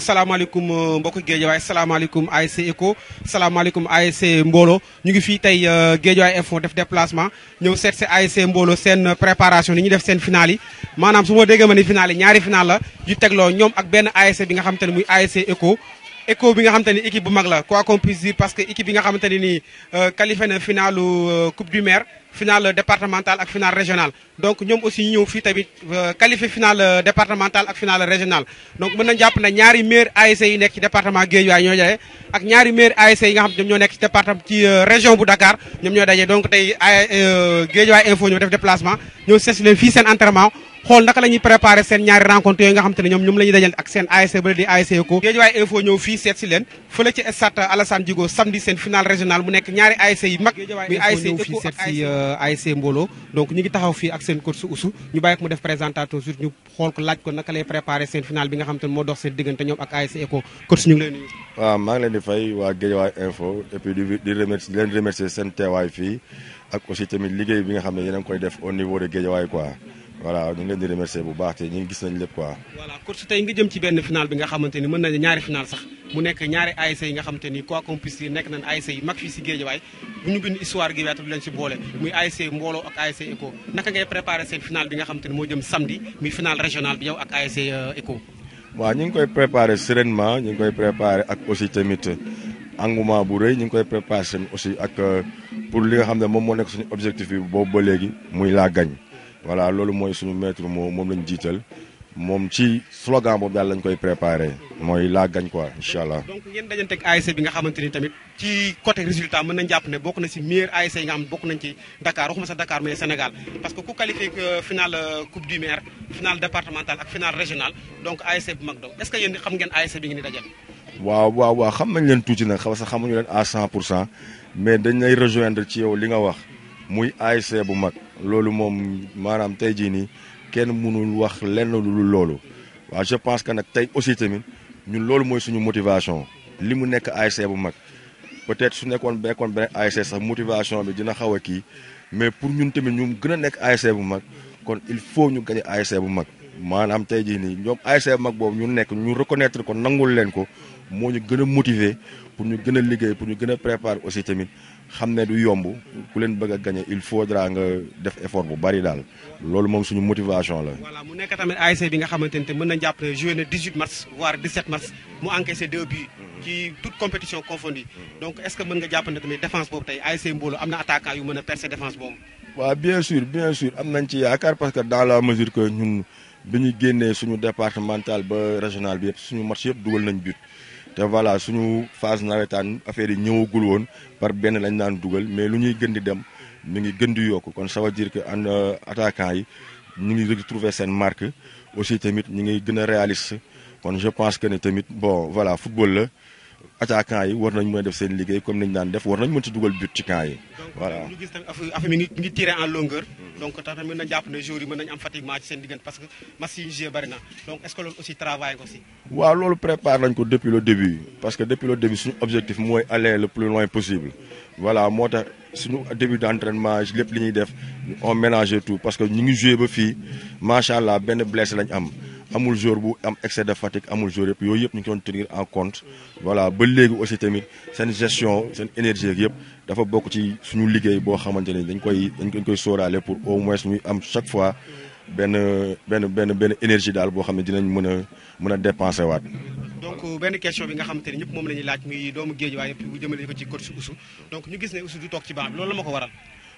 salaamaaleykum euh, mbokk Géejawaay salaamaaleykum ASC ECHO salaamaaleykum ASC Mbooloo ñu ngi fii tey euh, Géejawaay Info def déplacement ñëw seet si ASC mboolo seen euh, préparation ni ñu def seen finale yi maanaam su ma déggee ma ni finale yi ñaari finale la yu tegloo ñoom ak benn ASC bi nga xam ne muy ASC ECHO ECHO bi nga xamante ni équipe bu mag la quoi qu'on puisse parce que équipe bi nga xamante ne nii qualifié na finalu Coupe du Maire finale départementale et finale régionale donc nous aussi nous ñëw fii qualifié finale départementale ak finale régionale donc nous euh, euh, avons jàpp ne ñaari meilleurs ASC yi nekk ci département Guédiawaye ñoo daje ak ñaari meilleurs ASC yi nga xam ñoo nekk ci département ci euh, région bu Dakar ñoom ñoo daje donc tey Guédiawaye Info ñoo def déplacement ñoo avons fait fii entraînement xool naka la ñuy préparé seen ñaari rencontre yooyu nga xam te ne ñoom ñoom la ñuy dajal ak seen ASC e ba di e ASC nekk ñaari ASC e yi mag euh, ñu ngi taxaw fii ak seen coach Oussou ñu bàyyi mu def présentation surtout ñu ko laaj ko naka seen finale bi nga xam ne moo dox seen diggante ñoom ak ASC Eco coach ñu Info et di leen remercier seen teewaay fii ak aussi tamit liggéey bi nga xam ne yéen a koy def au niveau de Guédiawaye quoi voilà ñu ngi leen di remercier bu baax te ñu gis nañ lépp quoi. voilà course tey nga jëm ci benn final bi nga xamante ni mën nañu ñaari final sax mu nekk ñaari ASC yi nga xamante ni quoi qu'on puisse dire nekk nañ ASC yi mag fii si Guédiawaye bu ñu bind histoire gi weetu du leen si boole muy ASC Mbooloo ak ASC ECCO naka ngay préparer seen final bi nga xamante ni moo jëm samedi muy final régional bi yow ak ASC ECCO. Euh, waaw ñu ngi koy préparer sereinement ñu ngi koy préparer ak aussi tamit bu rëy ñu ngi koy préparer seen aussi ak euh, pour li xam ne moom moo nekk suñu objectif boobu ba léegi muy la gagne voilà lolu moy suñu maître mom mom lañ jital mom ci slogan boobu daal lañ koy préparer moy la gagne quoi inshallah allah. donc ngeen dajante ak ASC bi nga xamanteni tamit ci côté résultat mën nañ japp ne bokku na ci meilleur ASC nga am bokku nañ ci Dakar waxuma sa Dakar mais Sénégal parce que ku que finale euh, coupe du maire finale départemental ak finale régional donc ASC bu mag doom est ce que yéen xam ngeen ASC bi ngi di dajal. waaw waaw waaw xam nañ leen tuuti nag xaw sa xamuñu leen à 100 mais dañ lay rejoindre ci yow li nga wax. muy ASC bu mag loolu moom maanaam tey jii nii kenn mënul wax lenn lu loolu waa je pense que nag tey aussi tamit ñun loolu mooy suñu motivation li mu nekk ASC bu mag peut-être su nekkoon bekkoon beneen ASC sax motivation bi dina xaw a kii mais pour ñun tamit ñu gën a nekk ASC bu mag kon il faut ñu gañe ASC bu mag maanaam tey jii nii ñoom ASC bu mag boobu ñu nekk ñu reconnaître ko nangul leen ko moo ñu gën a motiver pour ñu gën a liggéey pour ñu gën a préparer aussi tamit xamné du yomb ku leen bëgg a gagné il faudra nga def effort bu bari daal loolu moom suñu motivation la. voilà mu nekk tamit ASC bi nga xamante ne mën nañu jàpp joué na 18 mars voire 17 mars mu encaissé deux buts. ci toute compétition confondue. donc est ce que mën nga jàpp tamit défense boobu tey ASC Mbolo am na attaquant yu mën a percer défense boobu. waaw bien sûr bien sûr am nañ ci yaakaar parce que dans la mesure que ñun bi ñu génnee suñu départemental ba régional bi yëpp suñu match yëpp dugal nañ but. te voilà suñu phase nawetaan affaire yi ñëwagul woon par benn lañ naan dugal mais lu ñuy gën di dem mi ngi gën di yokk kon ça veut que an euh, attaquant yi ñu ngi trouver seen marque aussi tamit ñu ngi gën a réaliste kon je pense que ne tamit bo voilà football la attaquant yi war nañu mën def seen liggéey comme niñ daan def war nañu mën ci dugal but ci camp yi voilà ñu gis tamit affaire mi ngi tiré en longueur donc tax na japp nañ jàpp ne joueurs yi mën nañ am fatiguement ci seen diggante parce que match yi ñu joué bari na donc est ce que loolu aussi travail ko si waaw loolu prépare nañ ko depuis le début parce que depuis le début suñu objectif mooy aller le plus loin possible voilà moo tax suñu début d' entraînement lépp li ñuy def on mélange tout parce que ñu ngi jouer ba fii macha allah benn blessé lañ am amul jour bu am excès de fatigue amul jour yëpp yooyu yëpp ñu ngi doon tenir en compte voilà ba légui aussi tamit seen gestion seen énergie ak yëpp dafa bok ci suñu liggéey bo xamanteni dañ koy dañ koy sóoraale pour au moins ñuy am chaque fois ben ben ben ben énergie dal bo xamné dinañ mëna mëna dépenser waat. donc ben question bi nga xamanteni ne ñëpp moom la ñuy laaj muy doomu geej waaye bu jëmale ko ci coach Ousou donc ñu gis né Ousou du tok ci baam loolu la ma waral.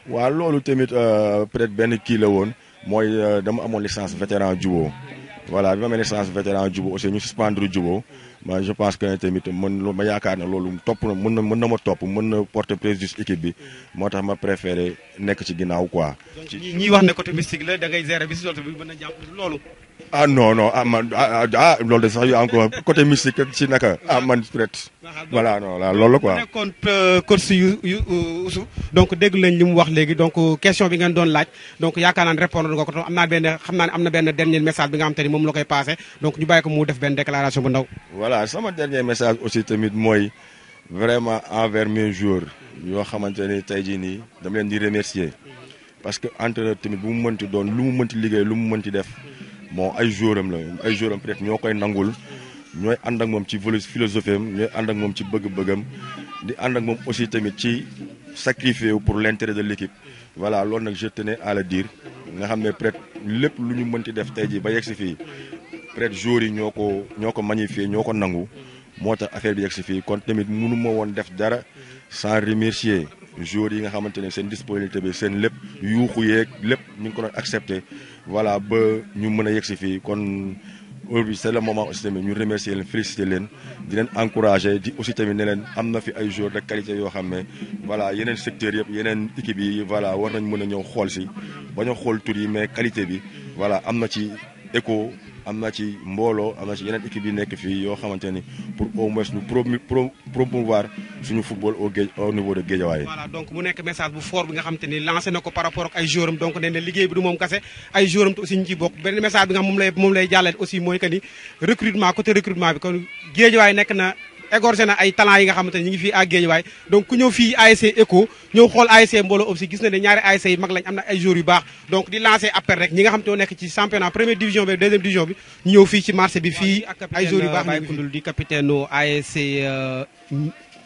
wa loolu tamit euh peut-être ben ki la woon moy euh, dama amoon licence vétéran djubo voilà bi ma amee naissance vétéran jubo aussi ñu suspendre jubo ma je pense que tamit mën ma yaakaar ne loolu topp na mën na mën na ma topp mën na porter préjudice équipe bi moo tax ma préféré nekk ci ginnaaw quoi. ñi ñuy wax ne côté mystique la da ngay gérer bi si bi mën na jàpp loolu. ah non non ah man ah, ah, ah, côté mystique voilà euh, euh, donc il donc euh, question donc répondre même dernier message donc nous déclaration Voilà, c'est mon dernier message aussi vraiment envers mes jours. Je xamante remercier parce que nous, nous donc, bon ay joueur am la ay joueur am ñoo koy nangul ñooy ànd ak moom ci philosophie am ñooy ànd ak moom ci bëgg-bëggam di ànd ak moom aussi tamit ci sacrifier pour l'intérêt de l'équipe voilà loolu nag je tenais à nga xam ne peut-être lépp lu ñu mënti def tey ji ba yegg si fii peut-être joueurs yi ñoo ko ñoo ko magnifié ñoo ko nangu moo tax affaire bi yegg si fii kon tamit mënu woon def dara sans remercier joueurs yi nga xamante ne seen disponibilité bi seen lépp yuuxu yeeg lépp ñu ngi ko doon accepté voilà ba ñu mën a yegg si fii kon aujourd'hui c'est le moment aussi tamit ñu remercier leen féliciter leen di leen encourager di aussi tamit ne leen am na fi ay jour de qualité yoo xam ne voilà yeneen secteur yëpp yeneen équipe bi voilà war nañ mën a ñëw xool si bañ xool tur yi mais qualité bi voilà am na ci écho am na ci mbooloo am na ci yeneen équipe yi nekk fii yoo xamante ni pour au moins ñu promouvoir suñu football au niveau de Guédiawaye. donc mu nekk message bu fort bi nga xam te ni lancé na ko par rapport ak ay joueurs am donc nee na liggéey bi du moom kase ay joueurs am te aussi ñu ciy bokk benn message bi nga xam moom lay moom lay jàllale aussi mooy que ni recrutement côté recrutement bi kon Guédiawaye nekk na. égorgé na ay talent yi nga xamanteni ñi ngi fii à way donc ku ñëw fi ASC Echo ñëw xol ASC mbolo aussi gis na né ñaari ASC yi mag lañ amna ay joueurs yu baax donc di lancer appel rek ñi nga xam te ci championnat première division bi deuxième division bi ñu ñëw fii ci marché bi fi ay joueurs yu baax euh, di capitaine ASC euh,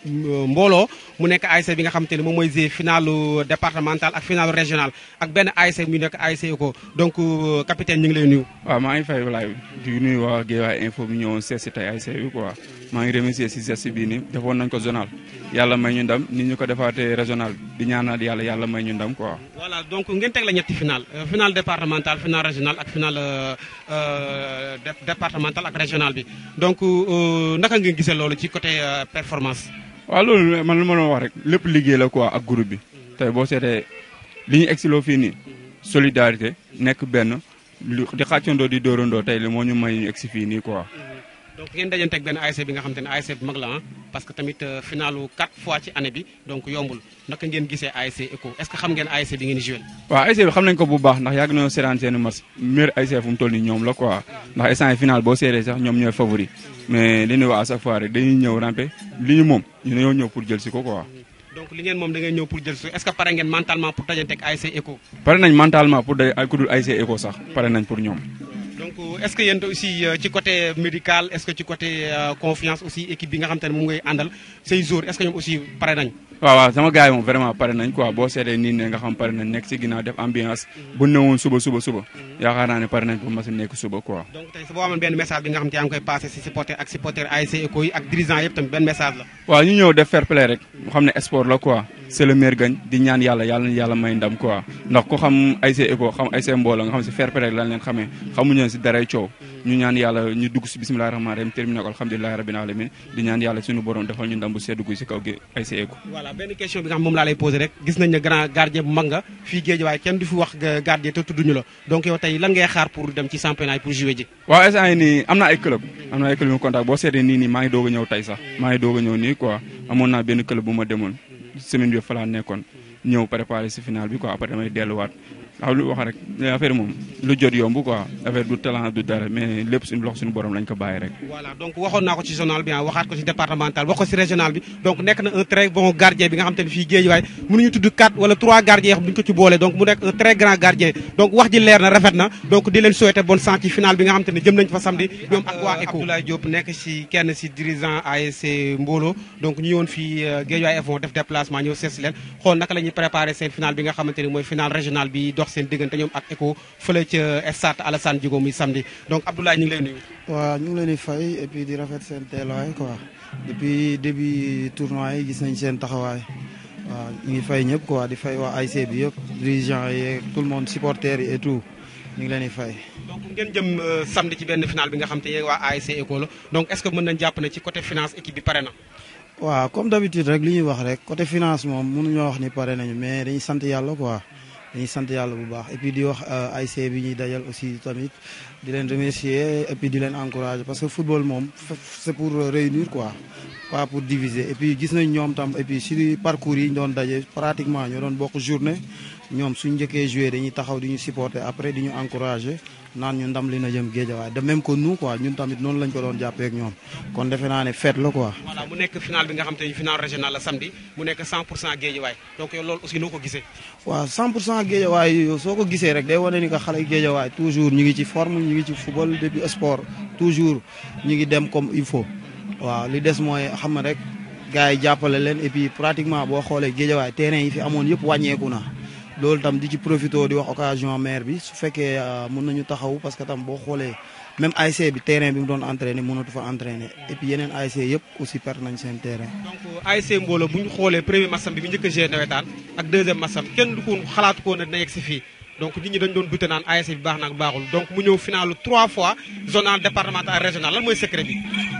Euh, mbooloo mu nekk ASC bi nga xam te ne moom mooy g finalu départemental ak finalu régional ak benn ASC mu nekk ASC ECCO donc euh, ñu ngi lay nuyu waaw maa ngi fay walaay di nuyu waa Guédiawaye info bi ñëwoon seet si tey ASC bi quoi maa ngi remercier si geste bii nii defoon nañ ko zonal yàlla may ñu ndam ni ñu ko defaatee régional di ñaanal yàlla yàlla may ñu ndam quoi voilà donc ngeen teg la ñetti final euh, final départemental final régional ak final départemental ak régional bi donc naka nga gisee loolu ci côté performance waaw loolu man lu ma wax rek lépp liggéey la quoi ak groupe bi tey boo seetee li ñu exiloo fii nii solidarité nekk benn di xàccandoo di dóorandoo tey li moo ñu may ñu si fii nii quoi donc ngeen tek ben ASC e bi nga xamanteni ne e mag la ah, parce que tamit euh, finalu 4 fois ci année bi donc yombul nak ngeen gisee ASC e eco est ce que xam ngeen ASC bi ngeen joué. wa ASC bi xam nañ ko bu baax ndax yag nañu seetaan seeni match meilleur ASC fu mu toll nii la quoi ndax instant final bo séré sax ñom ñoy favori mais li ñu wa à chaque fois rek dañuy ñëw rampé li ñu mom ñu dañoo ñëw pour jël ci ko quoi. donc li ngeen mom da ngay ñëw pour jël ci est ce que paré ngeen mentalement pour dajanteeg ASC eco paré nañ mentalement pour day ku dul ASC eco sax paré nañ pour ñom est ce qu'il y a aussi du euh, côté médical est ce que du côté euh, confiance aussi équipe qui nga en train de c'est ngay ces jours est ce qu'il y a aussi des waaw sama gars moom vraiment pare nañ quoi boo seetee nii ne nga xam pare nañ nekk si ginnaaw def ambiance mm-hmm. bu newoon suba suba suba mm-hmm. yaakaar pare nañ pour mas a nekk suba quoi donc tey su benn message bi nga xam koy passé si supporter ak supporter ASC ECCO yi ak dirigeant yëpp tamit benn message la waaw ñu ñëw def fair play rek xam ne sport la quoi mm-hmm. c'est le di ñaan yàlla yàlla may ndam quoi ndax ko xam ASC ECCO xam xam si fair play lañ leen ñu ñaan yàlla ñu dugg si bisimilah rahmaani rahim terminé ko alhamdulilah rabbil alamin di ñaan yàlla suñu borom defal ñu ndam bu seddu si kaw gi ay sa eegu voilà benn question bi nga xam moom laa lay posé rek gis nañ ne grand gardien bu mag nga fii géej pour dem ci championnat yi pour jouer ji waaw instant yi nii am naa ay club am naa ay club a a ñëw nii quoi amoon naa benn club bu ma demoon semaine bi fa laa nekkoon ñëw préparé si final bi quoi après damay delluwaat awlu ah, lu wax rek affaire moom lu jot yomb quoi affaire du talent du dara mais lépp suñu loxo suñu borom lañ ko bàyyi rek. voilà donc waxoon naa ko ci journal bi ah waxaat ko ci départemental wax ko ci régional bi donc nekk na un très bon gardien bi nga xam te ne fii Guédiawaye mënuñu tudd 4 wala 3 gardiens buñ ko ci boole donc mu nekk un très grand gardien donc wax ji leer na rafet na donc di leen souhaiter bonne chance ci final bi nga xam te ne jëm nañ fa samedi ñoom ak waa ECHO. Abdoulaye Diop nekk ci kenn ci dirigeant ASC Mbolo donc ñu ñëwoon fii euh, Guédiawaye F1 def déplacement ñëw seet si leen xool naka la ñuy préparer seen final bi nga xamante ne mooy final régional bi dox seen diggante ñoom ak ECHO fële ca stade Alassane Djigo muy samedi donc Abdoulaye ñu ngi lay nuyu. waaw ñu leen di fay et puis di rafet seen teelawaay quoi depuis début tournoi yi gis nañ seen taxawaay waaw ñu ngi fay ñëpp quoi di fay waa AIC bi yëpp dirigeants yi tout le monde supporters yi et tout. ñu ngi leen di fay. donc ngeen jëm euh, samedi ci benn final bi nga xam te ne waa ASC ECHO la donc est-ce que mën nañ jàpp ne ci côté finance équipe bi pare na. waaw comme rek li ñuy wax rek côté finance moom mënuñoo wax ni mais dañuy sant yàlla quoi. ni sant yàlla bu baax et di wax euh, ASC bi ñuy dajal aussi tamit di leen remercier et puis di leen encourager parce que football moom c'est pour euh, réunir quoi pas pour diviser et gis nañ ñoom tam et puis parcours yi ñu doon daje pratiquement ñoo doon bokk journée ñoom suñ njëkkee joué dañuy taxaw di ñu supporter après di ñu encouragé naan ñu ndam li na jëm géejawaay de même que nous quoi ñun tamit noonu lañ ko doon jàppeek ñoom kon defe naa feet fête la quoi. voilà mu nekk final bi nga xam te ne final régional la samedi mu nekk 100 pour cent géejawaay donc yow loolu aussi noo ko gisee. waaw 100 pour cent géejawaay soo ko gisee rek day wane ni que xale géejawaay toujours ñu ngi ci forme ñu ngi ci football depuis sport toujours ñu ngi dem comme il faut waaw li des mooy xam rek gars yi jàppale leen et puis pratiquement boo xoolee géejawaay terrain yi fi amoon yëpp wàññeeku na. loolu tam di ci profité di wax occasion maire bi su fekkee euh, mën nañu taxaw parce que tam boo xoolee même ASC bi terrain bi mu doon entraîné mënatu fa entraîné et puis yeneen ASC yëpp aussi perte nañ seen terrain. Mbooloo bu ñu xoolee premier masam bi mu njëkk a gérer nawetaan ak deuxième masam kenn du ko xalaatu ko ne dina yegg si fii donc nit ñi dañu doon douté naan ASC bi baax na ak baaxul donc mu ñëw finalu trois fois zonal départemental régional la mooy secret bi.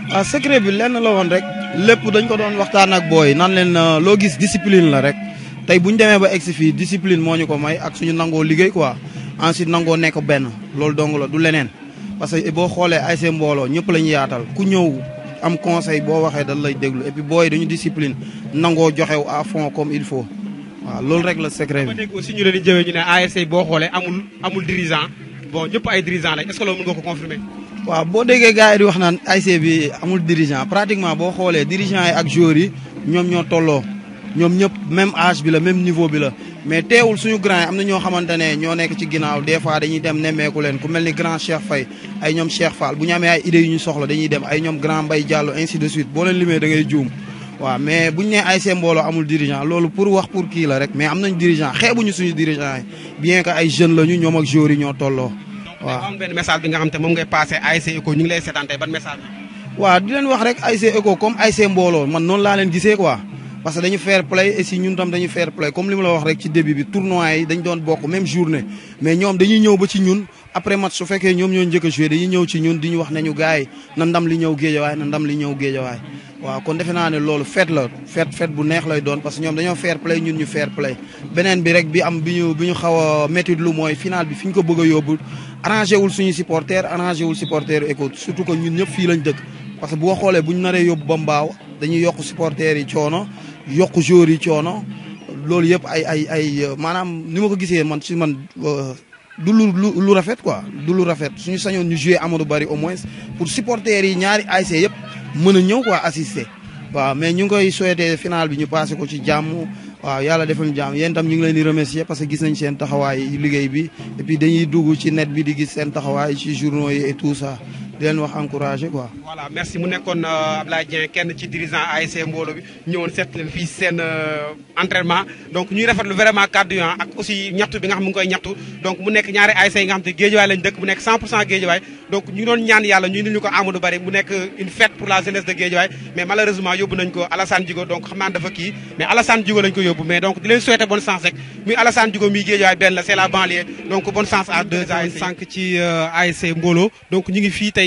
ah secret lenn la woon rek lépp dañ ko doon waxtaan ak booy nan leen euh, loo gis discipline la rek. tey bu ñu demee ba egsi fii discipline moo ñu ko may ak suñu nangoo liggéey quoi ensuite nangoo nekk benn loolu dong la du leneen parce que boo xoolee ay seen mbooloo ñëpp la ñu yaatal ku ñëw am conseil boo waxee dañ lay déglu et booy dañu discipline nangoo joxew à fond comme il faut waaw loolu rek la secret bi. dégg aussi ñu leen di jëwee ne boo xoolee amul amul dirigeant bon ñëpp ay dirigeant lañ est-ce nga ko confirmer. waaw boo déggee gars yi wax naan ASC bi amul dirigeant pratiquement boo xoolee dirigeant yi ak joueurs yi ñoom ñoo tolloo. ñoom ñëpp même âge bi la même niveau bi la mais teewul suñu grand am na ñoo xamante ne ñoo nekk ci ginnaaw des fois dañuy dem nemmeeku leen ku mel ni grand Cheikh Faye ay ñoom Cheikh Fall bu ñu ay idées yu ñu soxla dañuy dem ay ñoom grand Mbaye Diallo ainsi de suite boo limee da ngay juum waaw mais bu ñu nee ay seen mbooloo amul dirigeant loolu pour wax pour kii la rek mais am nañ dirigeant xeebuñu suñu dirigeant yi bien que ay jeunes la ñu ñoom ak joueurs ñoo tolloo waaw am nga xam te moom ngay passé ASC ECHO ngi lay seetaan tey ban message waaw di leen wax rek ASC mbooloo man noonu laa leen gisee quoi parce que dañu fair play et si ñun tam dañu fair play comme li ma la wax rek ci début bi tournoi yi dañ doon bokk même journée mais ñoom dañuy ñëw ba ci ñun après match su fekkee ñoom ñoo jëkk a joué dañuy ñëw ci ñun di ñu wax nañu gars yi na ndam li ñëw géejawaay na ndam li ñëw géejawaay waaw kon defe naa ne loolu fête la fet bu neex lay doon parce que ñoom dañoo fair play ñun ñu fair play beneen bi rek bi am bi ñu bi ñu xaw a métti lu mooy final bi fi ñu ko bëgg a yóbbu arrangé wul suñu supporter arrangé wul supporter écoute surtout que ñun ñëpp fii lañ dëkk parce que boo xoolee bu ñu naree yóbbu ba mbaaw dañuy yokk supporter yi yokk joueurs yi coono loolu yëpp ay ay ay euh, maanaam ni ma ko gisee man si man euh, du lu lu rafet quoi du lu rafet suñu sañoon ñu jouer Amadou bari au moins pour supporters yi ñaari ASC yëpp mën a ñëw quoi assister. waaw mais ñu ngi koy souhaité final bi ñu passé ko ci jàmm waaw yàlla defal ñu jàmm yéen itam ñu ngi leen di remercier parce que gis nañ seen taxawaay liggéey bi et dañuy dugg ci net bi di gis seen taxawaay ci journaux yi et tout ça. di wax encourager quoi. voilà merci mu nekkoon euh, Ablaye Dieng kenn ci dirigeant ASC mbolo bi ñewon seet leen fii seen euh, entraînement donc ñuy rafetlu vraiment cadre yi ah, ak aussi ñaxtu bi nga xam mu ngi koy ñaxtu donc mu nekk ñaari ASC nga xam te géejawaay lañ dëkk mu nekk 100 pour cent donc ñu doon ñaan yalla ñu indil ko Amadou Bari mu nekk euh, une fête pour la jeunesse de géejawaay mais malheureusement yóbbu nañ ko Alassane Djigo donc xam dafa ki mais Alassane Djigo lañ ko yóbbu mais donc di leen souhaité bonne chance rek muy Alassane Djigo muy géejawaay ben la c'est la banlieue donc bonne chance à deux ans sànq ci ASC mbolo donc ñu ngi fi tey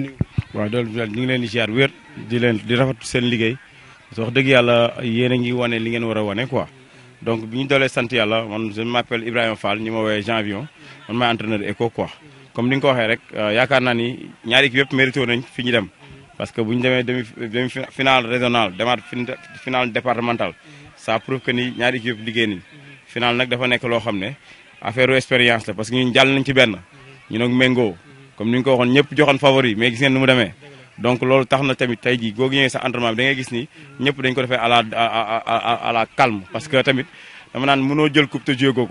waaw dool ñu ngi leen di ziar wér di leen di rafetlu seen liggéey wax dëgg yàlla yéen a ngi wane li ngeen war a wane quoi donc bi ñu doolee sant yàlla man je m'appelle Ibrahima Fall ñu ma woowee Janvion man maay entraîneur ECCO quoi comme ni nga ko waxee rek euh, yaakaar naa ni ñaari équipe yëpp mérité nañ fi ñu dem parce que bu ñu demee demi demi finale régional demaat finale départementale ça prouve que ni ñaari équipe yëpp liggée ni finale nag dafa nekk loo xam ne affaire expérience la parce que ñun jàll nañ ci benn ñu nag méngoo comme niñ ko waxoon ñepp joxoon favori mais gis ngeen numu démé donc lolu taxna tamit tay gi boo ñëwee sa entraînement bi da ngay gis ni ñepp dañ ko défé à la à à à la calme parce que tamit dama nan mëno jël coupe te joué ko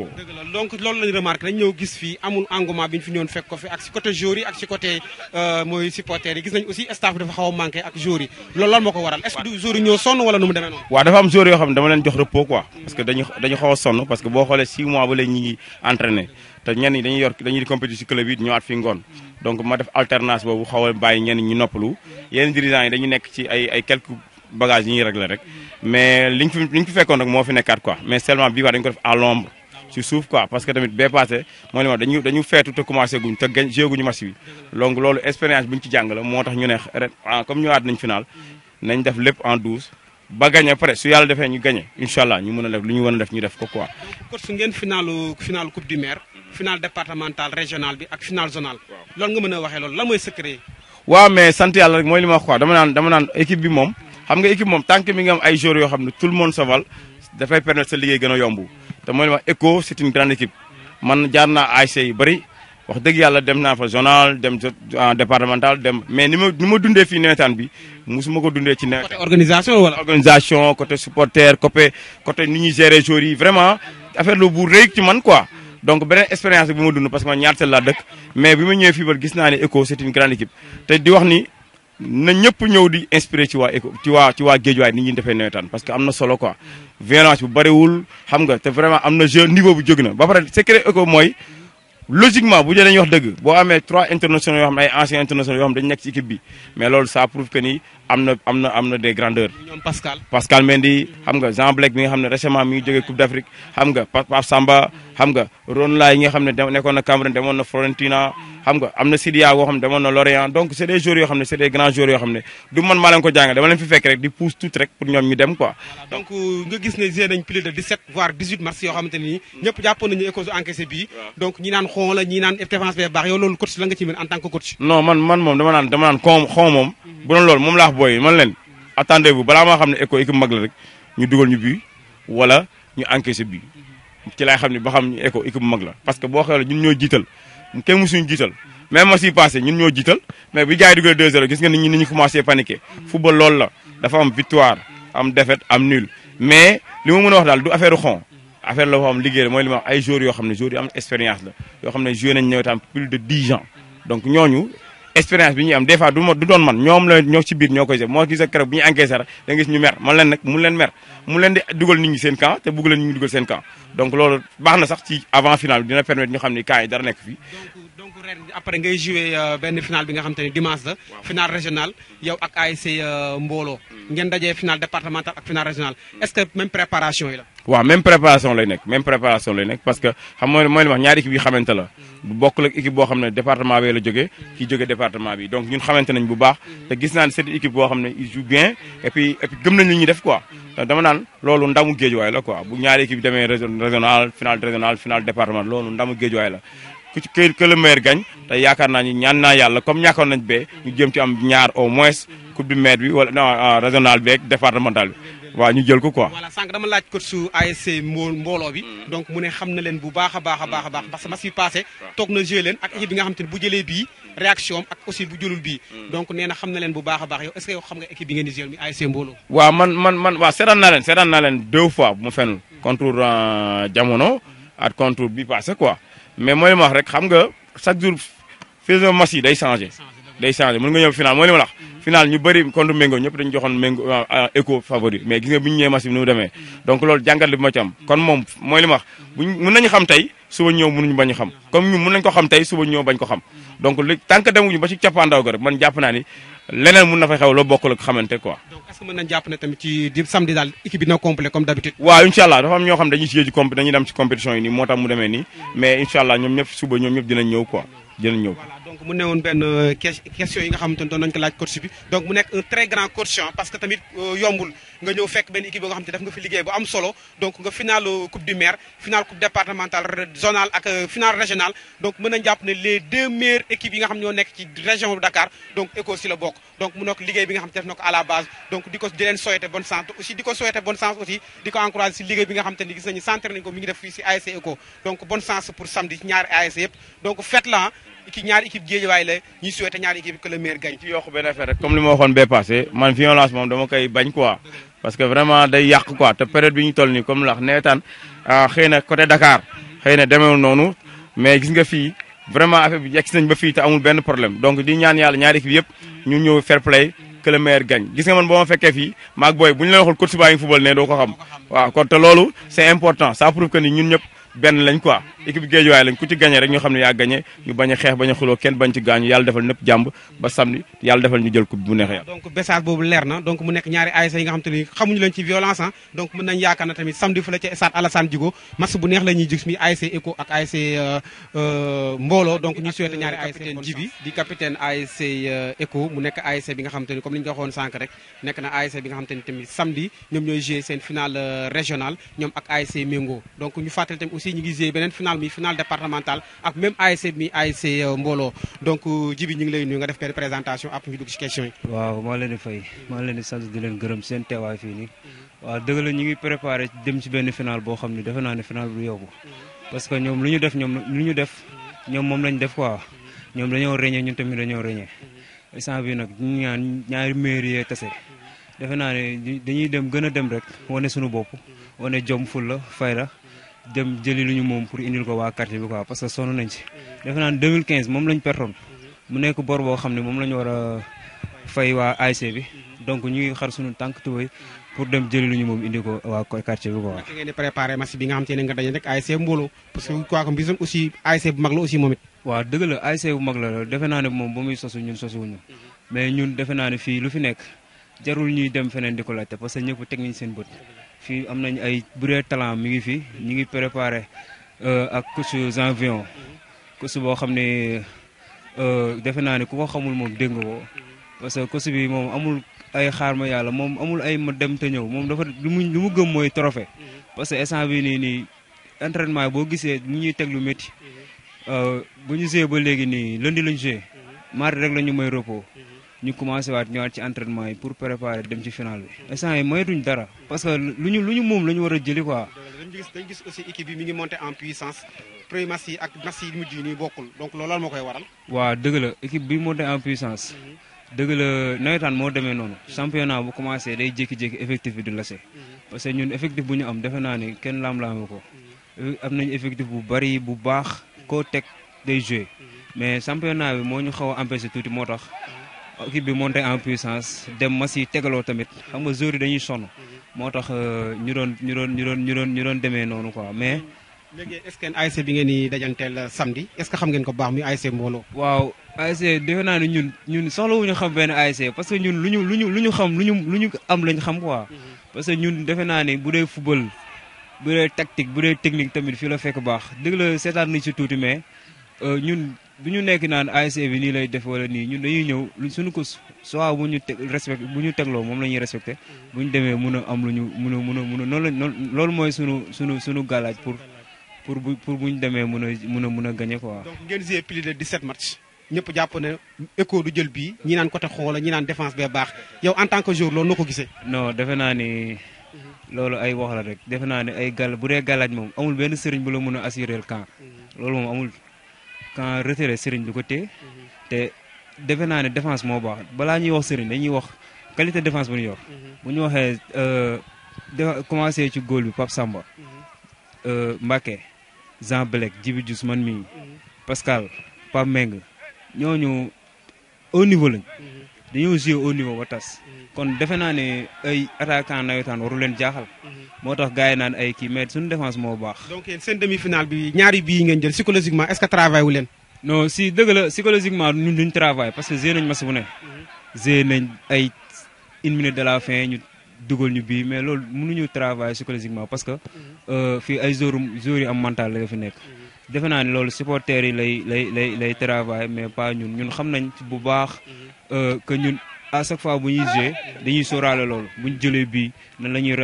donc lolu lañ remarque dañ ñëw gis fi amul engouement biñ fi ñëwon fekk ko fi ak ci côté joueur ak ci côté euh moy supporter yi gis nañ aussi staff dafa xaw a manqué ak joueur lolu lan moo waral est ce que du joueur ñoo sonn wala numu démé non wa dafa am joueur yo xam dama leen jox repos quoi parce que dañ dañ xaw sonn parce que bo xolé 6 mois ba lay ñi entraîner te ñenn ñi dañuy yor dañuy compétir ci club yi ñëwaat fi ngoon donc ma def alternance boobu xaw a bàyyi ñenn ñu noppalu yeneen dirigeants yi dañu nekk ci ay ay quelques bagages yi rek mais liñ fi fekkoon rek moo fi nekkaat quoi mais seulement bii waa dañu ko def à l'ombre ci dañu feetu te commencé guñ te gañ jéeguñu match bi donc loolu expérience bu ñu jàng la moo tax ñu ne ren ah, comme ñëwaat nañ final nañ def lépp en douze ba pare su yàlla defee ñu gagné incha allah ñu a def lu ñu mën a def def ko quoi. final départemental régional bi ak final zonal. lool nga mëna waxé lool la moy mooy secret. waaw mais sante yalla rek moy li ma wax quoi dama nan dama nan équipe bi mom xam nga équipe mom tank mi nga am ay joueurs yo xamni tout le monde se da fay permettre sa ligue gëna yombu te moy li wax une grande équipe man jaar naa ASC yu bëri wax deug yalla dem na fa zonal dem départemental dem mais nima ma ni ma dundee bi musuma ko dundé ci nawet. côté organisation wala. organisation côté supporter côté côté ni ñuy gérer yi vraiment affaire le bu rëy ci man quoi. donc beneen expérience bi ma dund parce que man ñaar sel laa dëkk mais bi ma ñëwee fii ba gis naa ne ECHO c' équipe te di wax ni na ñëpp ñëw di inspiré ci waa ECHO ci waa ci waa ni ñuy defee nawetaan parce que am na solo quoi. violence bu bëriwul xam nga te vraiment am na jeu niveau bu jóg na ba pare secret ECHO mooy logiquement bu ñu dañuy wax dëgg boo amee trois internationaux yoo xam ne ay anciens internationaux yoo xam dañu nekk ci équipe bi mais am na am na Pascal. Pascal Mendy xam nga Jean Black bi xam ne récemment mi ngi jógee Coupe xam nga Pape xam nga Ron Laye xam ne nekkoon na Cameroun demoon xam nga am na Sidia boo xam ne demoon na Lorient yoo xam ne du man maa leen ko fekk rek di pousse tout rek pour ñoom ñu dem quoi. Euh, nga gis ne joué nañ plus de 17 voire 18 matchs yoo xamante ne nii. ñëpp jàppoon nañu école su encaissé donc ñi naan xon la ñi naan défense bee baax booy man len attendez-vous bala ma xam ne ECCO équipe mag la rek ñu duggal ñu bi wala ñu encaissé bi ci lay xam ba xam ñu ECCO équipe mag la parce que bo xoolee ñun ñoo jiital kenn suñu jital même aussi passé ñun ñoy jital mais bi gars duggal 2-0 gis nga ni ñi ni commencé paniquer football lool la dafa am victoire am défaite am nul mais li ma mën wax dal du affaire xon affaire la boo xam liggéey moy li ma wax ay joueurs yo xam ne joueurs yu am expérience la yo xam ne nañ ñëw tam plus de 10 ans donc ñoñu expérience bi ñuy am des fois du doon man ñoom la ñoo ci ñoo koy def moo gis ak keroog ñu encaissé rek da nga ñu mer man leen mer mun leen di dugal nit seen camp te bugg leen dugal seen camp donc loolu baax na sax ci avant final dina permettre ñu xam ni cas dara nekk fii donc ren après ngay joué euh, benn final bi nga xam te ne dimanche la. final régional yow ak ASC euh, Mbooloo. Hmm. ngeen dajee final départemental ak final régional hmm. est-ce que même préparation yi préparation lay nekk même préparation lay nekk parce que xam mooy mooy li wax ñaari équipe yi xamante la bu hmm. bokk la équipe boo xam ne département bi la jógee kii jógee département bi ñun xamante nañ bu baax te naa ne c'est xam ne il joue nañ li ñuy def quoi dama naan loolu ndamu géejuwaay la quoi bu ñaari équipe yi demee régional final régional final loolu ndamu géejuwaay la ku ci këyit que gañ te yaakaar naa ñu ñaan naa yàlla comme ñàkkoon nañ bee ñu jëm ci am ñaar au moins coupe du maire bi wala non euh, régional be ak départemental bi waaw ñu jël ko quoi. voilà sànq dama laaj coach su ASC mbooloo bi. Mm. donc mu ne xam na leen bu baax a baax a baax a baax parce que match bi passé toog na joué leen ak bii réaction aussi bu jëlul bii. Mm. donc nee na xam na leen bu baax a baax yow est ce que yow xam nga équipe bi ngeen di mbooloo. waaw man leen seetaan naa leen deux fois bu ma fenn. Euh, jamono ak contre bi passé quoi. mais mooy li ma wax rek xam nga chaque jour physionomie yi day changé. day changé mën nga ñëw final mooy li mhm. final ñu bëri contre Mengo ñëpp dañu joxoon Mengo éco euh, euh, favori mais gis nga bu ñu ñëwee match bi ni mu demee. Mhm. donc loolu jàngat bi ma ci am. Mhm. kon moom mooy li ma wax ñu xam tey suba ñëw mënuñu bañ xam comme ñun mun nañ ko xam tey suba ñëw bañ ko xam donc li tant que demuñu ba ci cappaandaw ga rek man jàpp naa ni leneen mun na fay xew loo bokkul ak xamante quoi. donc est ce que mën nañu jàpp ne tamit ci di samedi daal équipe bi complet comme d' waaw incha allah dafa ñoo xam dañuy siy ci comp dañuy dem ci compétition yi nii moo tax mu demee nii mais incha ñoom ñëpp suba ñoom ñëpp dinañ ñëw quoi dinañ ñëw. donc mu newoon ben question yi nga xamante ne doon ko laaj coach bi donc mu nekk un très grand coach hein, parce que tamit euh, yombul nga ñew fekk ben équipe boo nga xamante def nga fi liguey bu am solo donc nga final coupe du maire final coupe départementale zonale ak euh, final régional donc mën nañ jàpp ne les deux meilleures équipes yi nga xam ñoo nekk ci région de Dakar donc ECO si la bokk donc mu nok liguey bi nga xam def na à la base donc diko di len souhaité bonne chance aussi diko ko souhaité bonne chance aussi diko encourager ci liguey bi nga xamante gis nañu centré nañ ko mi ngi def fii si ASC e ECO donc bonne chance pour samedi si ñaari ASC e yëpp donc fête la hein. ki ñaari équipe géejawaay la ñuy souhaité ñaari équipe que le meilleur gagne. ci yokk benn affaire rek comme li ma waxoon bee passé man violence moom dama koy bañ quoi parce que vraiment day yàq quoi te période bi ñu toll nii comme la neetaan ah, xëy na côté Dakar xëy noonu mais gis nga fii vraiment affaire bi yegsi nañ ba fii te amul benn problème donc di ñaan yàlla ñaari équipe yëpp ñu ñëw fair play que le meilleur gis nga man boo fekkee fii maag booy bu ñu la waxul coach baa ngi ñëpp. benn lañ quoi équipe géejuwaay lañ ku ci gagné rek ñu xam ne yaa gagné ñu bañ a xeex bañ a xuloo kenn bañ ci gaañu yàlla defal ñëpp jàmb ba samedi yàlla defal ñu jël coupe bu neexee donc message boobu leer na donc leen ci ca stade Alassane Eco ak ASC euh, euh, Mbolo donc ñu souhaité ñaari ASC euh, capitaine Eco mu nekk ASC bi nga xam te ni comme li ñu ko rek nekk na ASC bi nga xam te ni tamit samedi ñoom ñooy jouer seen finale régional ñoom ak ASC Mengo donc ñu fàttali tamit aussi ñu ngi joué beneen final mi final départemental ak a ASC mi euh, ASC Mbooloo donc euh, Djibi ñu ngi lay nuyu nga def benn présentation après ñu ci question yi. waaw maa leen di fay maa leen di sant di leen gërëm seen teewaay fii nii. waaw dëgg la ngi préparé dem ci benn final boo xam ne defe naa ne final bu yóbbu. parce que ñoom lu ñu def ñoom lu ñu def ñoom moom lañ def quoi ñoom dañoo rëñee ñun tamit dañoo rëñee instant bi nag ñu ñaari mairie yee tase defe a dem jëli lu ñu moom pour indil ko waa quartier bi quoi parce que nañ ci. defe naa ne 2015 moom lañ pertoon mu nekk bor boo ne moom la ñu war a fay waa ASC bi donc ñu xar suñu tànk tubay pour dem jëli moom indi ko waa quartier bi quoi. waaw ngeen di préparé match bi nga xam bu mag la aussi moom it. waaw dëgg la ASC bu mag la defe naa ne moom ba muy sosu ñun sosuwuñu mais ñun defe naa ne fii lu fi nekk jarul ñuy dem feneen di ko laajte parce ñëpp teg nañ seen bët. fii am nañ ay buree talant mi ngi fi ñu ngi préparé euh, ak coach Jean Vion coach boo xam ne euh, defe naa ne ku ko xamul moom dégg nga ko parce que coach bi moom amul ay xaar ma yàlla moom amul ay ma dem te ñëw moom dafa lu mu lu mu gëm mooy trophée parce que instant bi nii nii entraînement boo gisee mu ñuy teg lu métti euh, bu ñu joué ba léegi nii lundi lañ joué mardi rek la ñu may repos ñu commencé waat ñëwaat ci entraînement yi pour préparer dem ci final bi. instant yi moyetuñ dara parce lu ñu moom la war a jëli quoi. dañu gis dañu gis aussi équipe bi mi ngi monté en puissance premier ak match yi mujj bokkul donc loolu moo koy waral. waaw dëgg la équipe bi monté en puissance. Mhm. dëgg nawetaan moo deme noonu. championnat bu commencé day jékki-jékki effectif bi du lase. Mhm. parce ñun effectif bu ñu am defe naa ne kenn laam-laame ko. Mhm. Euh, am nañu effectif bu bari bu baax. koo teg day joué. mais championnat bi moo ñu xaw a empêché tuuti moo tax. équipe bi monté en puissance dem ma si tegaloo tamit xam nga joueurs dañuy sonn moo tax euh, ñu doon ñu doon ñu doon ñu doon ñu doon demee noonu quoi mais. léegi est-ce que ASC bi ngeen di dajanteel euh, samedi est-ce que xam ngeen ko baax muy ASC mbooloo. waaw ASC defe naa ne ñun ñun soxlawuñu xam benn ASC parce que ñun lu ñu lu ñu lu ñu xam lu ñu lu ñu am lañ xam quoi. Mhm. parce que ñun defe naa ne bu dee football bu dee tactique bu dee technique tamit fii la fekk baax dëgg la seetaan nañ si tuuti mais euh, ñun. du ñu nekk naan ASC bi nii lay def wala nii ñun dañuy ñëw lu suñu ko soit bu ñu teg respect bu ñu tegloo moom la ñuy respecté mm-hmm. bu ñu demee mun a am lu ñu mun mun mun a noonu la loolu mooy sunu sunu sunu galaaj pour pour bu pour bu ñu demee mun a mun a mun a gagné quoi. donc ngeen joué plus de 17 matchs ñëpp jàpp ne écho du jël bii ñi naan côté xoola ñi naan défense bee baax yow en tant que joueur loolu noo ko gisee. non defe naa ni mm-hmm. loolu ay wax la rek defe naa ne ay gàll bu dee galaaj moom amul benn sëriñ bu la mun a assuré le camp mm-hmm. loolu moom amul. quand retiré Serigne du ko te defe naa ne défense moo baax balaa ñuy wax Serigne dañuy wax qualité défense bu ñu yor. bu ñu waxee euh, de commencé ci góol bi Pape Samba. Euh, Mbacké Jean Blek Djibi Diouf man mii. Pascal Pape Meng ñooñu au niveau lañ. dañoo joué au niveau ba tas. Mm-hmm. kon defe naa ne ay attaquant nawetaan waru leen jaaxal. Mm-hmm. moo tax gars naan ay kii mais suñu défense moo baax. donc yéen demi finale bi ñaari bii ngeen jël psychologiquement est ce que travail wu leen. non si dëgg la psychologiquement ñun duñ travail parce que gérer nañ match bu mm-hmm. nañ ay une minute de la fin ñu dugal ñu bii mais loolu mënuñu travail psychologiquement parce que. Euh, fii ay joueurs am mental la fi nekk. defe naa ne Euh, que ñun à chaque fois bu ñuy jouer dañuy sorale lool bu ñu jëlee bii nan la ñuy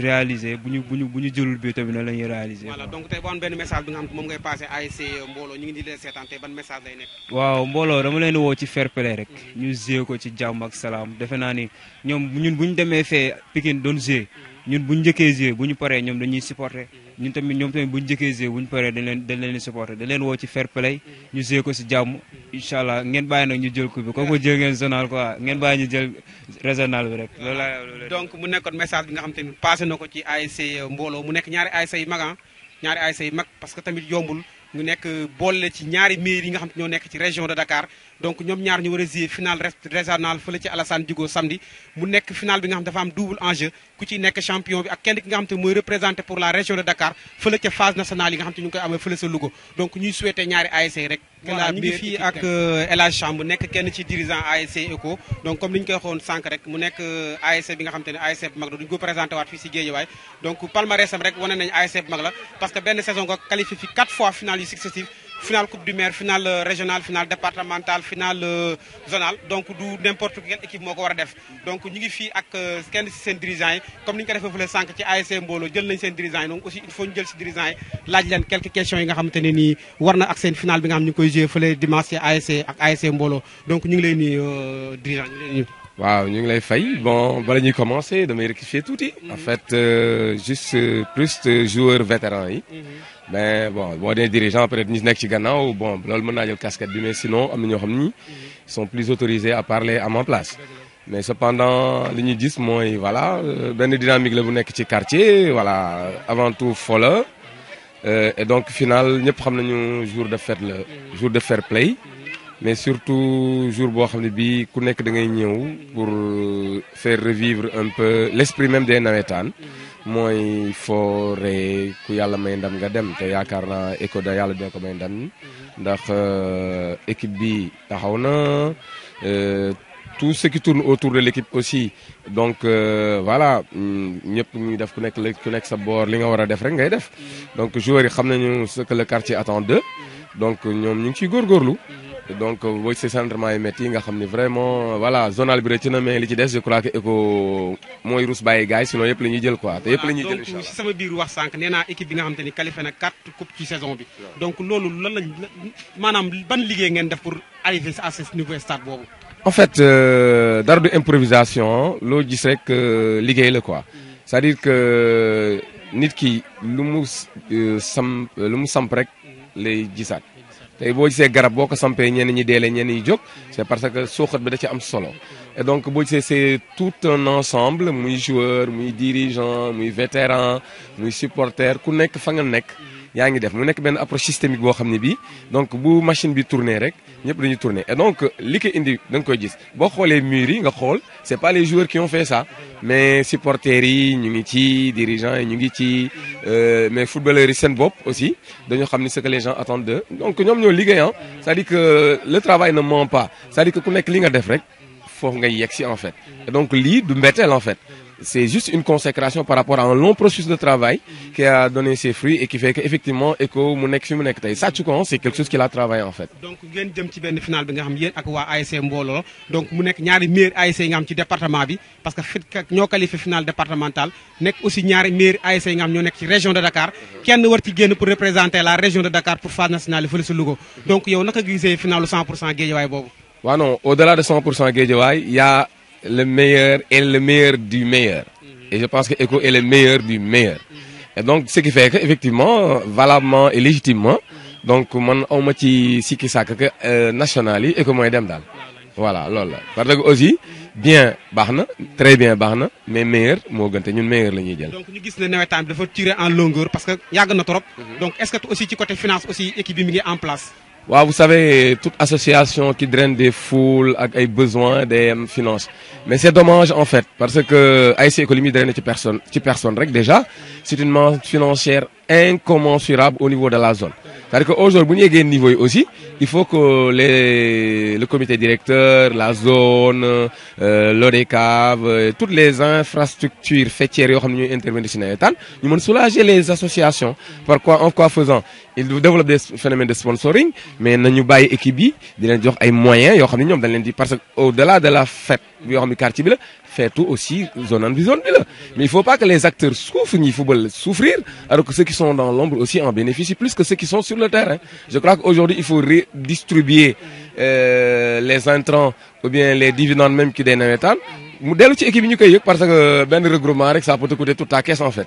réaliser bu ñu bu ñu bu ñu jëlul bii tamit nan la ñuy réaliser. voilà donc tey boo am benn message bi nga xam moom ngay passé ASC mbooloo ñu ngi di leen seetaan tey ban message lay nekk. waaw mbooloo dama leen woo ci fair play rek. Mm-hmm. ñu jouer ko ci jàmm ak salaam defe naa ni ñoom ñun bu ñu demee fee Pikine doon jouer. ñun bu ñu njëkkee jouer bu ñu paree ñoom dañuy supporter ñun tamit ñoom tamit bu ñu njëkkee jouer bu ñu paree dañ leen dañ leen di supporter woo ci fair play ñu jouer ko si jàmm incha allah ngeen baay nag ñu jël coupe bi kooku jël ngeen zonal quoi ngeen ñu jël régional bi rek donc mu nekkoon message bi nga xam te ni passé na ko ci ASC mboolo mu nekk ñaari ASC yu mag ah, ñaari ASC yu mag parce que tamit yombul ñu nekk boole ci ñaari mairie yi nga xam te ñoo nekk ci région de Dakar donc ñom ñaar ñu wara a jouer final régional feulé ci Alassane Djigo samedi mu nekk final bi nga xam dafa am double enjeu ku ci nekk champion bi ak kenn ki nga xam te moy représenter pour la région de Dakar feulé ci phase nationale yi nga xam te ñu koy amee feulé ce logo donc ñuy souhaiter ñaari ASC rek voilà ñu ngi fii ak euh, El Hadj Samb nekk kenn ci dirigeant ASC ECO donc comme li koy xone sank rek mu nekk euh, ASC bi nga xam te ne ASC bu mag la duñu ko présenté waat fii si Guédiawaye donc palmarès am rek woné nañ ASC bu mag la parce que benn saison ko qualifié fi 4 fois finale yu successives finale Coupe du Maire, finale euh, régionale, finale départementale, finale euh, zonale. Donc, n'importe quelle équipe m'a faire. Donc, nous sommes ici avec ce qu'on dirigeants. Comme nous avons fait le sang, qui ASC Mbolo, nous avons fait dirigeants. Donc, aussi, il faut nous faire dirigeants. Là, il y a quelques questions qui ont été ni Warna à une finale, nous avons joué le dimanche ASC avec ASC Mbolo. Donc, nous les euh, dirigeants. Wow, nous avons failli. Bon, voilà, nous commencer, de me vérifier tout. Mm-hmm. En fait, juste plus de joueurs vétérans. Mm mais ben, bon bon des dirigeants, peut être ni nekk ci ou, bon il y a jël casquette mais sinon ils mhm. sont plus autorisés à parler à ma place. mais cependant li 10 voilà ben dynamique la bu nekk ci quartier voilà avant tout folle euh, et donc final nous prenons un jour de fête le jour de fair play mais surtout jour bo xamné bi ku nek da ngay ñew pour euh, faire revivre un peu l'esprit même des nawetane mhm. moy foore ku yalla may ndam nga dem té yaakaar naa da yalla dé ko may ndam mhm. ndax euh, équipe bi taxawna euh tout ce qui tourne autour de l'équipe aussi donc euh, voilà mm, ñëpp ñi def ku nek la ku nek sa boor li nga wara def rek ngay def mhm. donc joueur yi xam nañu ce que le quartier attend d'eux donc ñom ñu ngi gor gorlu donc booy euh, si centrement yi métti nga xamni vraiment voilà zonal bi rëcc na mais li ci dess je crois que ECHO moy rus baye gars yi sinon yëpp lañuy jël quoi. te yëpp la jël inchallah allah sama biir wax sank néna équipe bi nga xam te na quatre coupe ci saison bi. donc lolu lan lañ manam ban liggéey ngeen def pour arriver à ce niveau stade bobu en fait euh, dar du improvisation lo gis rek euh, liggéey le quoi. Mm. c'est-à-dire que nit ki lu mu sam lu mu sam rek mm. lay gisaat tey boo gisee garab boko sampé sampee ñi délé ñenn ñi jóg c'est parce que soxat bi da ci am solo et donc boo gisee c'est tout un ensemble muy joueur muy dirigeant muy vétéran muy supporter ku nekk fa nga nekk il y def mu nek ben approche systémique pour xam bi donc bu machine bi tourner rek ñep dañu tourner et donc li indi da koy gis bo murs yi nga c'est pas les joueurs qui ont fait ça mais supporters yi ñu ngi ci dirigeants yi ñu ngi ci euh, mais footballeurs yi sen aussi Donc, xam ce que les gens attendent de donc ñom ñoo ligue hein c'est-à-dire que le travail ne ment pas c'est-à-dire que ku nek li nga def rek faut ngay yegg en fait et donc li du en fait c'est juste une consécration par rapport à un long processus de travail qui a donné ses fruits et qui fait effectivement écho mu nekk fi Ça nekk tey Sathioukan c'est quelque chose qu'il a travaillé en fait. donc ngeen jëm ci benn final bi nga xam yéen ak ASC donc mu nekk ñaari meilleur ASC yi nga xam ci département parce que fit ñoo qualifié finale départemental nek aussi ñaari meilleur ASC nga xam ñoo nekk ci région de Dakar kenn war ci pour représenter la région de Dakar pour phase nationale feul sa Louga donc yow naka gisee finale 100 pour bobu. Wa non au delà de 100 pour il y a le meilleur est le meilleur du meilleur. Et je pense que Echo est le meilleur du meilleur. Et donc, ce qui fait qu'effectivement, valablement et légitimement, donc, man, on m'a dit, si qui ça, que, euh, national, et que moi, dal. Voilà, lol. Parce que aussi, bien, bahna, très bien, bahna, mais meilleur, moi, gante, nous, meilleur, le Donc, nous, le temps il faut tirer en longueur, parce que, y a autre. Donc, est-ce que toi aussi, tu côté finance aussi, équipe, en place? vous savez toute association qui draine des foules a besoin des euh, finances. mais c'est dommage en fait parce que euh, ASC Économie draine des personne personne déjà c'est une manque financière incommensurable au niveau de la zone c'est-à-dire qu'aujourd'hui, aujourd'hui niveau aussi il faut que les le comité directeur la zone euh, euh toutes les infrastructures fêtières, qui ont été intervenir ci soulager les associations pourquoi en quoi faisant ils développent des phénomènes de sponsoring mais nous bàyyi équipe bi di len jox ay moyens yo xamni ñom dañ di parce que au delà de la fête yoo xam ne quartier bi la fête aussi zone en zone bi la mais il faut pas que les acteurs souffrent faut football souffrir alors que ceux qui sont dans l'ombre aussi en bénéficient plus que ceux qui sont sur le terrain je crois qu'aujourd'hui il faut redistribuer euh, les intrants ou bien les dividendes même qui des dans mu delu ci équipe ñu koy yek parce que ben regroupement rek ça peut te coûter toute ta caisse en fait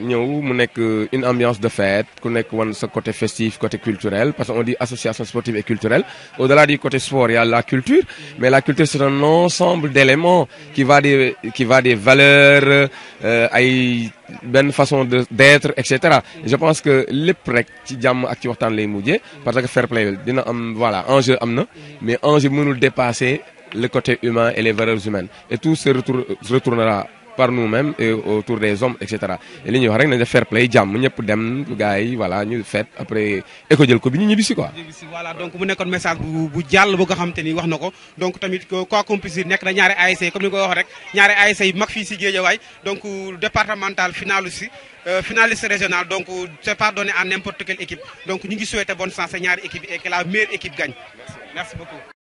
Nous, avons une ambiance de fête nous avons wan côté festif côté culturel parce qu'on dit association sportive et culturelle au-delà du côté sport il y a la culture mais la culture c'est un ensemble d'éléments qui va des qui va des valeurs une euh, bonne façon d'être etc. je pense que les pratiques qui ont ak parce que fair play dina am voilà enjeu mais un mais jeu, nous dépasser le côté humain et les valeurs humaines et tout se retournera par nous-mêmes et autour des hommes et cetera li ñuy wax rek nañ def play jam, pas dem gars yi voilà ñu fait après éco jël ko bi ñu quoi. ñibbisi voilà donc mu un message bu bu jàll ba wax na donc tamit quoi que nekk na ñaari ASC comme ni ko wax rek ñaari ASC yu mag fii si Guédiawaye donc départemental finalu si. Euh, finaliste régional donc c'est pas donné à n'importe quelle équipe donc ñu ngi souhaiter bonne chance ñaari équipe et que la meilleure équipe gagne merci beaucoup